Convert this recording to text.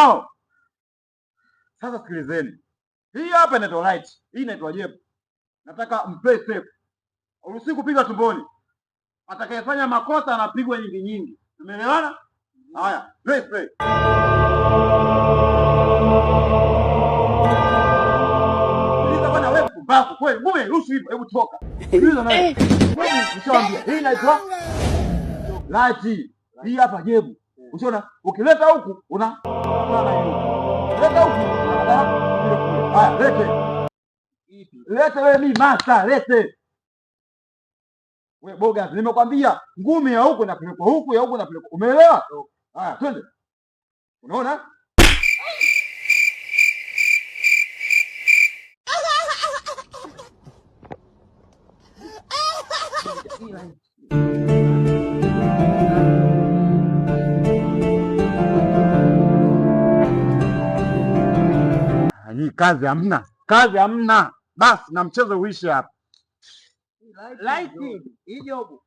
wao. Sasa sikilizeni, hii hapa inaitwa right, hii inaitwa jep. Nataka mplay safe, uruhusi kupiga tumboni. Atakayefanya makosa anapigwa nyingi nyingi, umeelewana? Haya, play play hebu toka. Eh. hii hapa jebu. ukileta huku una mwana ili lete lete, we mi lete we boga, nimekwambia ngumi ya huku napelekwa huku, ya huku napelekwa, umeelewa? Haya, twende. Unaona hii kazi hamna, kazi hamna, basi na mchezo uishe hapa. Like, hii jobu